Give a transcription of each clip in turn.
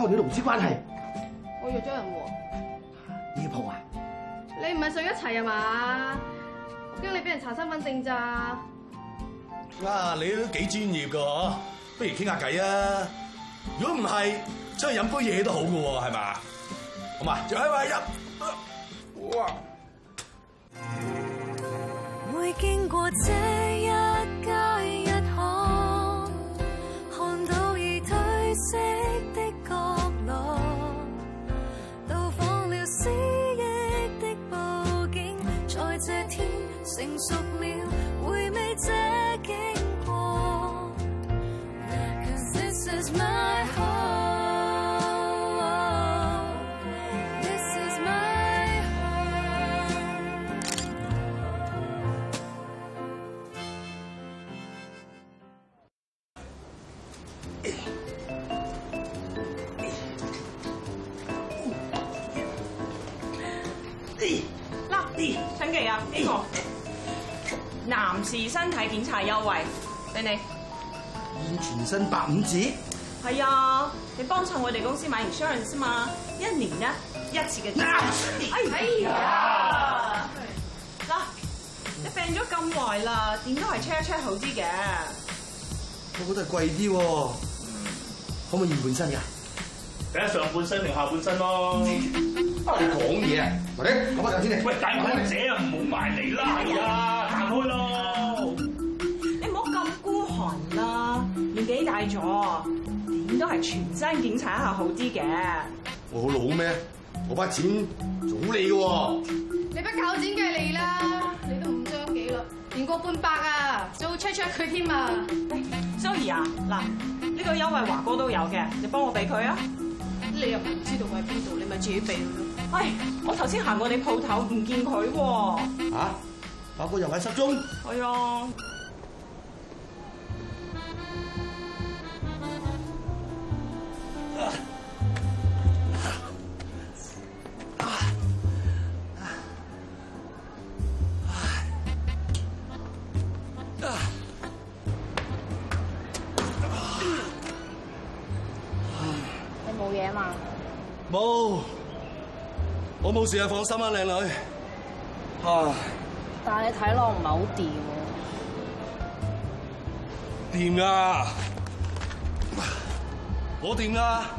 你我哋龍之關係，我約咗人喎。夜蒲啊？你唔係想一齊啊嘛？驚你俾人查身份證咋？啊，你都幾專業噶，不如傾下偈啊！如果唔係，出去飲杯嘢都好噶喎，係嘛？好嘛，就一、右一，哇！會經過這一家。成熟了，回味這經過。是身體檢查優惠俾你，驗全身百五字，係啊，你幫襯我哋公司買完 insurance 嘛，一年一一次嘅檢查，哎呀，嗱，你病咗咁耐啦，都檢查檢查點都係 check 一 check 好啲嘅，我覺得係貴啲喎，可唔可以換身㗎？睇下上半身定下半身咯，啊你講嘢啊，嚟，講多兩字先。喂，大媽，啊，唔好埋嚟啦，係啊，的，彈開咯。年紀大咗，點都係全身檢查一下好啲嘅。我老咩？我把錢早你嘅，你不搞錢嘅你啦，你都五張幾啦，年過半百 hey, Zoe, 啊，都要 check check 佢添啊。Sorry 啊，嗱，呢個優惠華哥都有嘅，你幫我俾佢啊。你又唔知道佢喺邊度，你咪自己俾佢咯。哎，我頭先行過你鋪頭，唔見佢喎。啊？華哥又喺失蹤？係啊。我冇事啊，放心啊，靚女。啊！但係你睇落唔係好掂喎，掂啊，我掂啊。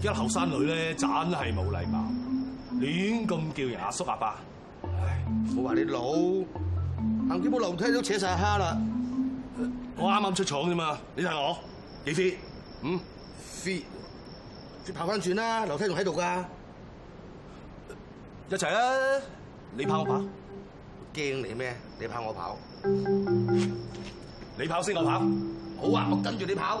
而家後生女咧，真係冇禮貌，亂咁叫人阿叔，阿爸、爸。唉，我話你老，行幾步樓梯都扯晒蝦啦。我啱啱出廠啫嘛，你睇我幾 fit 嗯 fit 你跑翻轉啦，樓梯仲喺度㗎。一齊啊！你跑我跑，我驚你咩？你跑我跑，你跑先我跑。好啊，我跟住你跑。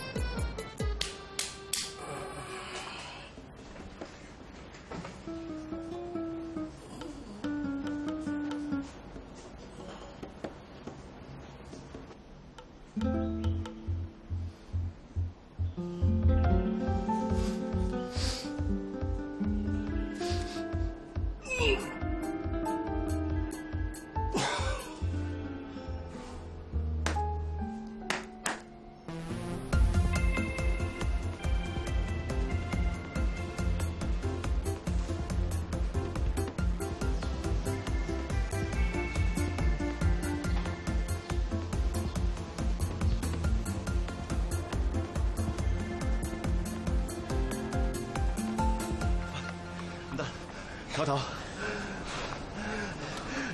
頭頭，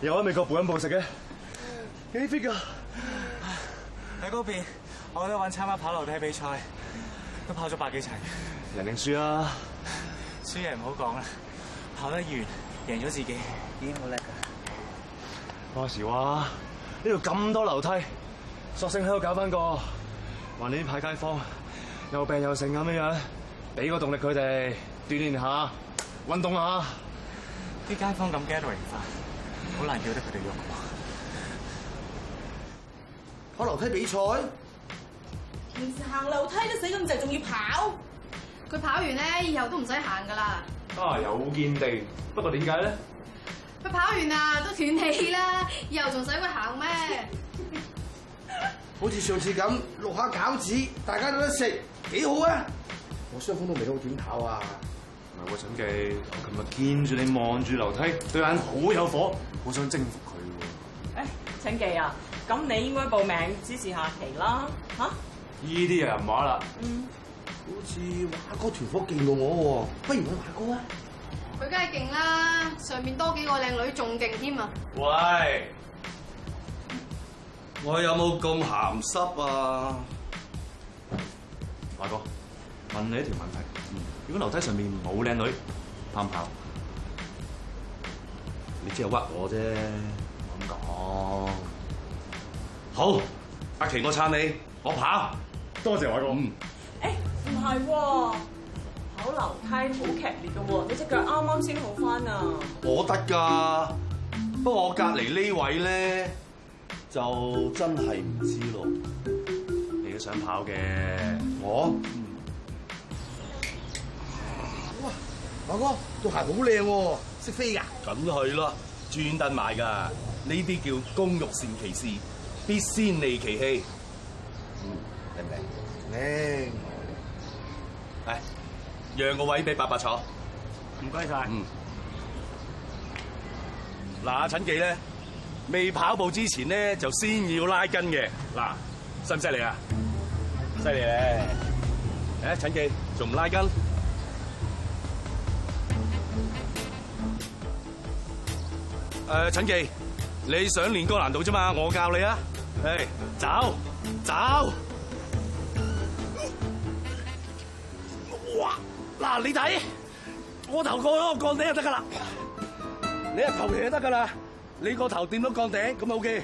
又喺美國補音補食嘅？有啲邊個？喺嗰邊，我覺得玩參加跑樓梯比賽，都跑咗百幾層。贏定輸啊！輸嘢唔好講啦，跑得完，贏咗自己已經好叻啦。話、欸、時話呢度咁多樓梯，索性喺度搞翻個，還你啲派街坊，又病又剩咁樣樣，俾個動力佢哋鍛煉下，運動一下。啲街坊咁 gathering 翻，好難叫得佢哋用嘅喎。跑樓梯比賽，平時行樓梯都死咁滯，就仲要跑。佢跑完咧，以後都唔使行噶啦。啊，有見地，不過點解咧？佢跑完啊，都斷氣啦，以後仲使佢行咩？ 好似上次咁，落下餃子，大家都得食，幾好啊！我傷風都未好，點跑啊？唔係我陳記，我琴日見住你望住樓梯，對眼好有火，好想征服佢喎。誒、欸，陳記啊，咁你應該報名支持下麒啦。嚇、啊？依啲又人話啦。嗯。好似華哥團夥勁過我喎，不如揾華哥啊。佢梗係勁啦，上面多幾個靚女仲勁添啊。喂，我有冇咁鹹濕啊？華哥，問你一條問題。如果樓梯上面冇靚女跑唔跑，你只係屈我啫。咁講好，阿奇我撐你，我跑。多謝華哥。嗯。誒，唔係喎，跑樓梯好劇烈嘅喎，你隻腳啱啱先好返呀。我得㗎，不過我隔離呢位咧就真係唔知咯。你都想跑嘅我。阿哥，對鞋好靚喎，識飛㗎？梗係咯，專登買㗎。呢啲叫工欲善其事，必先利其器。嗯，明唔明？明。嚟，讓個位俾伯伯坐。唔該晒。嗯。嗱，阿陳記咧，未跑步之前咧，就先要拉筋嘅。嗱，犀唔犀利啊？犀利咧。誒，陳記，仲唔拉筋？誒，陳記，你想練高難度啫嘛，我教你啊，嚟、hey, 走走，哇嗱你睇，我頭過咗個槓頂就得噶啦，你啊頭嚟就得噶啦，你個頭掂到槓頂咁啊 OK。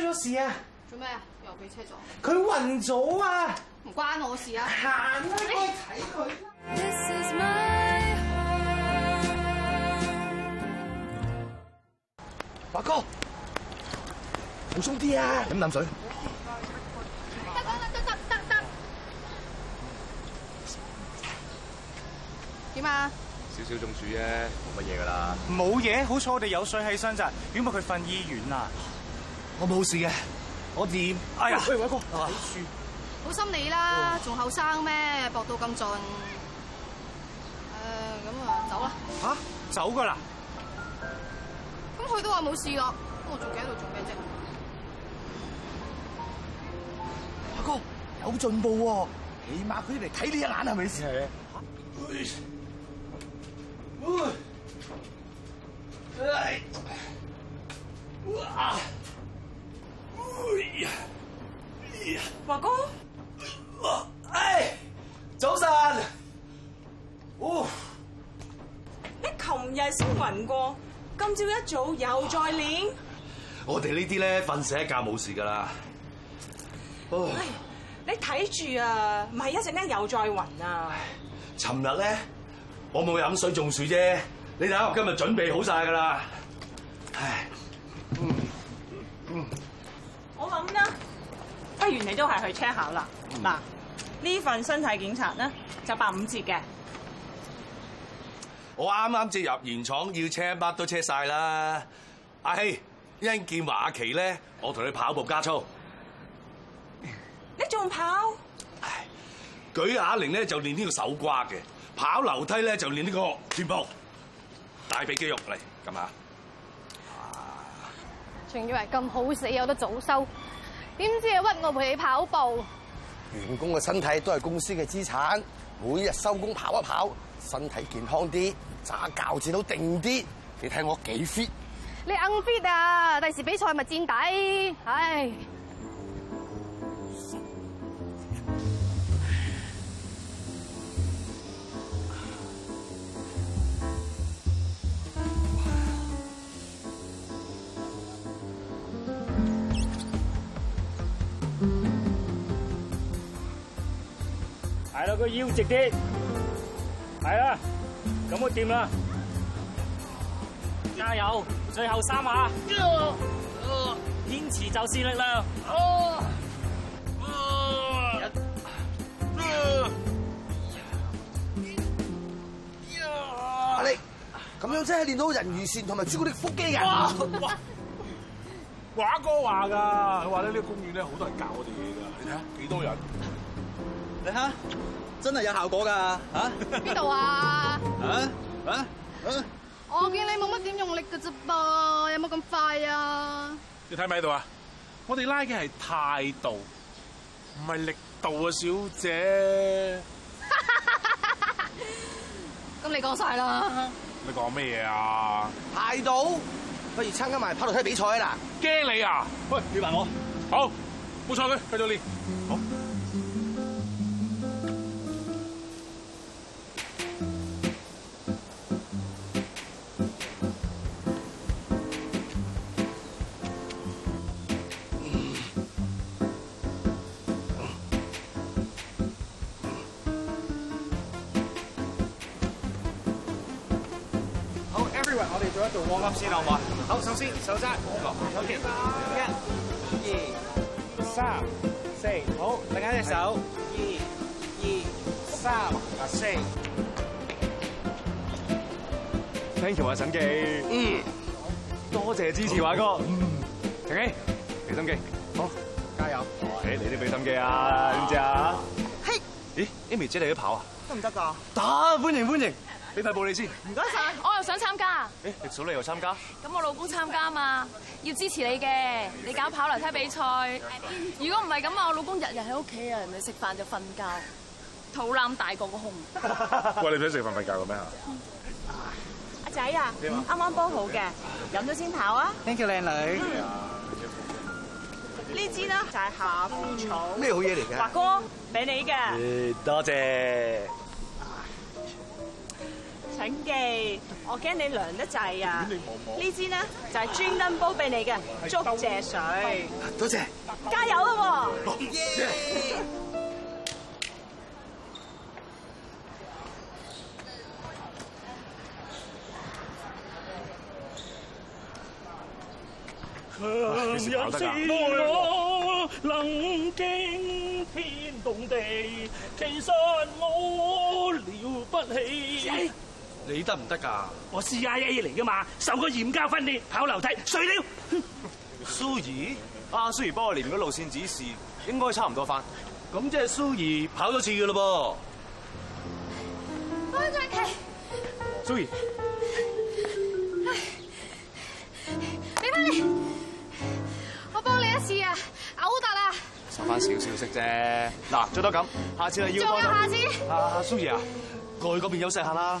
出咗事啊！做咩啊？又俾車撞？佢暈咗啊！唔關我事啊！行啦，我去睇佢啦。華哥，好鬆啲啊！飲啖水。得得得得得。點啊？少少中暑啫，冇乜嘢噶啦。冇嘢，好彩我哋有水喺身咋，如果唔係佢瞓醫院啦。我冇事嘅，我掂？哎呀，喂，偉哥，睇住。好心你啦，仲後生咩？搏到咁盡。誒，咁啊，走啦。吓，走噶啦？咁佢都話冇事咯，咁我仲企喺度做咩啫？阿哥，有進步喎，起碼佢嚟睇你一眼係咪先？喂！喂！喂！啊！華哥，哎，早晨。哦、你琴日先暈過，今朝一早又再練。我哋呢啲咧瞓，醒一覺冇事噶啦。哦哎。你睇住啊，唔係一陣間又再暈啊！尋日咧，我冇飲水中暑啫。你睇下，我今日準備好晒噶啦。哎原，你都係去 check 考啦。嗱，呢份身體檢查咧，就八五折嘅。我啱啱接入原廠要 check，乜都 check 晒啦。阿希、英見華、阿麒咧，我同你跑步加操。你仲跑？舉啞鈴咧就練呢個手瓜嘅，跑樓梯咧就練呢個臀部、大髀肌肉嚟，咁啊。仲以為咁好死有得早收？點知又屈我陪你跑步？員工嘅身體都係公司嘅資產，每日收工跑一跑，身體健康啲，揸鉸剪都定啲。你睇我幾 fit？你硬 fit 啊！第時比賽咪墊底，唉。個腰直啲，係啊，咁啊掂啦，加油！最後三下，堅持就是力量。阿力，咁樣真係練到人魚線同埋朱古力腹肌噶。華哥話噶，佢話咧呢個公園咧好多人教我哋嘢噶，你睇下幾多人？你睇。真係有效果噶，吓？邊度啊？啊啊嗯，我見你冇乜點用力噶啫噃，有冇咁快啊？你睇唔睇到啊？我哋拉嘅係態度，唔係力度啊，小姐。咁你講晒啦。你講咩嘢啊？態度不如參加埋跑步比賽啊嗱。驚你啊？喂，你問我，好，唔錯嘅，繼續練，好。先做握骨師好唔好？首先手踭，1, 2, 3, 4, 好，OK，一、二、三、四，好，大家一隻手，二、二、三、四。Thank you，阿陳記，嗯，多謝支持，華哥，陳記俾心機，好，加油。誒，你都俾心機啊？點知啊？嘿。咦，Amy 姐你都跑啊？得唔得㗎？打，歡迎歡迎，俾塊布你先。唔該晒。誒，小麗又參加？咁我老公參加嘛，要支持你嘅。你搞跑樓梯比賽，如果唔係咁啊，我老公日日喺屋企啊，唔係食飯就瞓覺，肚腩大過個胸。喂，你唔使食飯瞓覺嘅咩？阿仔啊，啱啱煲好嘅，飲咗先跑啊！thank you，靚女。呢支啦就係夏枯草，咩好嘢嚟嘅？華哥，俾你嘅。多謝。陳記，我驚你涼得滯啊！呢支呢就係專登煲俾你嘅，竹蔗水。多謝，加油啊！喎，強人之路能驚天動地，其實我了不起。你得唔得噶？我 C.I.A 嚟噶嘛，受過嚴格訓練，跑樓梯碎料。蘇怡阿蘇怡、啊、幫我連個路線指示，應該差唔多翻。咁即係蘇怡跑咗次嘅咯噃。方駿麒，蘇怡姨，你翻你我幫你一試啊！嘔得啦，收翻少少息啫。嗱，最多咁，下次又要。仲有下次啊，蘇怡啊，過去嗰邊休息下啦。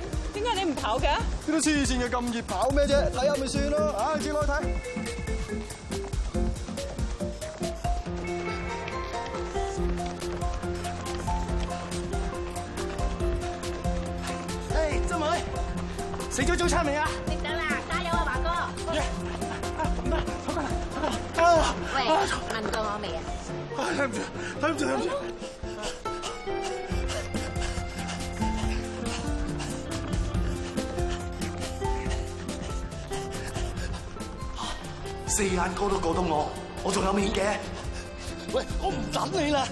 點解你唔跑嘅？呢啲黐線嘅，咁熱跑咩啫？睇下咪算咯，啊，接落去睇。誒，出埋、hey，食咗早，早餐未啊？食咗啦，加油啊，華哥。喂，問過、啊、我未啊？頂唔住，頂唔住，頂唔住。四眼哥都過到我，我仲有面嘅。喂，我唔等你啦。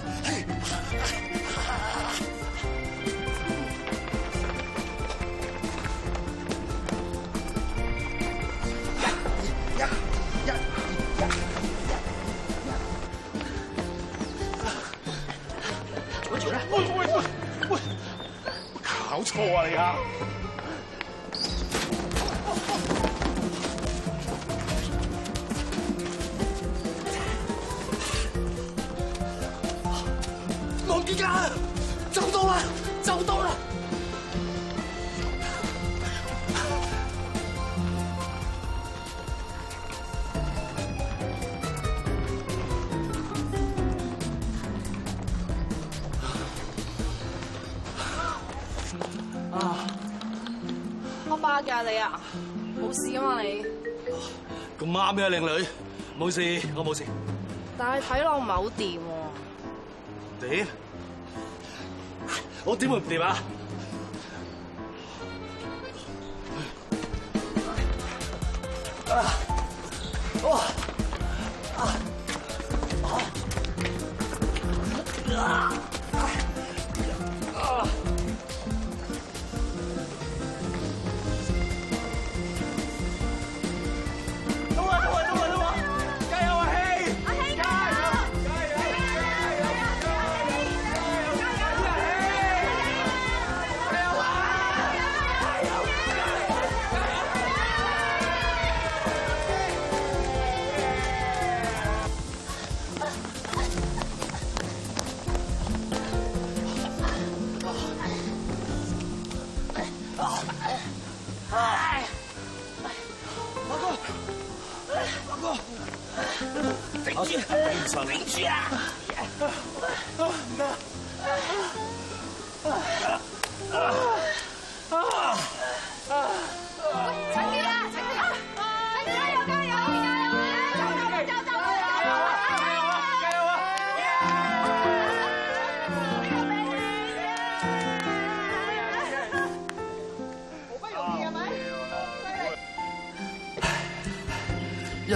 我走啦。喂喂喂喂，喂喂搞錯啊！你啊。咁啱咩，靚女？冇事，我冇事。但係睇落唔係好掂喎。點？我點會唔掂啊？啊！哇！啊！啊！啊啊啊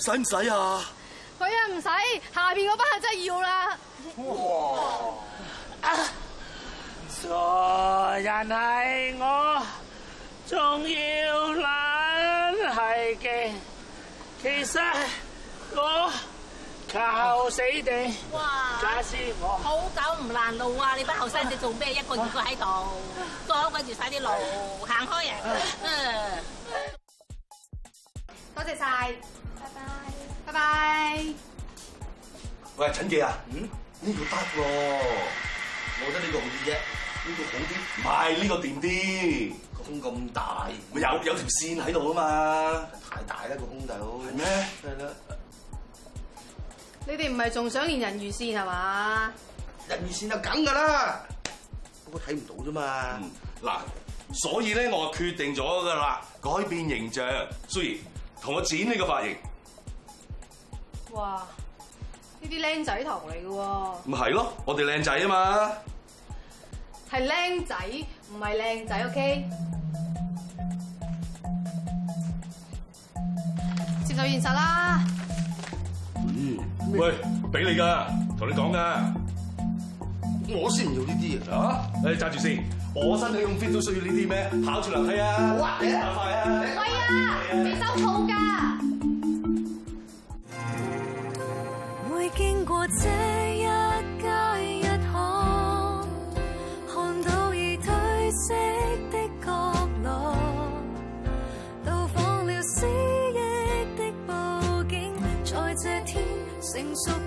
使唔使啊？佢啊唔使，下邊嗰班係真係要啦。哇！雖然係我，仲要懶係勁，其實我靠死地。哇！阿師，我好久唔攔路啊！你班後生仔做咩？一個二個都喺度，阻住晒啲路，行開啊！嗯，多謝晒。拜拜，拜拜。喂，陳記啊，嗯？呢度、啊、得咯，我覺得你容易啫，呢個好啲。唔係呢個掂啲，個胸咁大，有有條線喺度啊嘛。太大啦、個胸大佬，係咩嗎？係啦的。你哋唔係仲想連人魚線係嘛？人魚線就梗噶啦，不過睇唔到咋嘛？嗱、嗯，所以咧我決定咗噶啦，改變形象，蘇然，同我剪呢個髮型。哇！呢啲僆仔頭嚟嘅喎，唔係咯，我哋僆仔啊嘛是，係僆仔唔係靚仔，OK，接受現實啦。嗯，喂，俾你㗎，同你講㗎，我先唔要呢啲啊。誒，揸住先，我身體咁 fit 都需要呢啲咩？跑出嚟睇啊！喂哇啊，未收鋪㗎。這一街一巷，看到已褪色的角落，到放了思憶的布景，在這天成熟。